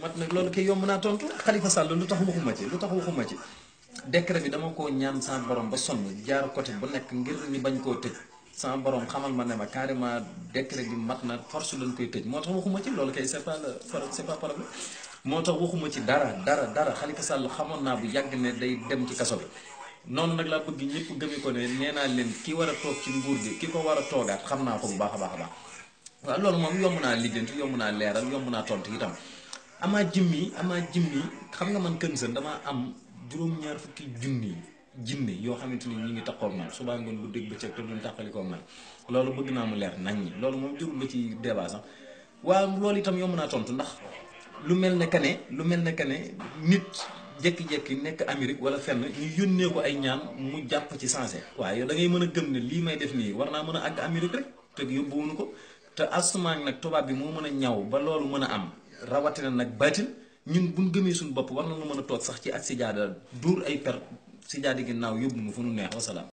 mat nag loolu kay yomb naa tontu Khalifa Sall lu tax waxuma ci lu tax waxuma ci décret bi dama koo ñaan sama borom ba sonn jaar côté bu nekk ngir ni bañ koo tëj sama borom xamal ma ne ma carrément décret bi mat na force lañ koy moo tax waxuma ci loolu kay c'est pas c'est pas problème moo tax waxuma ci dara dara dara Khalifa Sall xamoon naa bu yàgg ne day dem ci kaso bi noonu nag laa bëgg ñëpp gëmi ko ne nee naa leen ki war a toog ci nguur gi ki ko war a toogaat xam naa ko bu baax a baax a baax waaw loolu moom yomb naa lijjanti yomb naa leeral yomb naa tontu itam Ama jimmi Ama jimmi xam nga man keun seun dama am juroom ñaar fukki jimmi jimmi yo xamanteni ñi ngi takkol man suba ngoon bu dégg becc te duñ tàqalikoo man lolu bëgg na mu leer nañ ni lolu mom jurul ba ci débat sax wa lolu itam tontu ndax lu mel ne lu mel kané nit jekki-jekki nek amerique wala fenn ñu yonne ko ay ñaan mu japp ci sensé wa yow da ngay mëna gëm ne li may def ni warna mëna ag amerique rek te wuñu ko te asman nak toba bi mo mëna ñaw ba lolu mëna am rawatina nag baatin ñun buñ gëmee suñu bopp war nañu mën a toog sax ci ak sijaada dóor ay per sijaada ginnaaw yóbbu nu fu nu neex wasalaam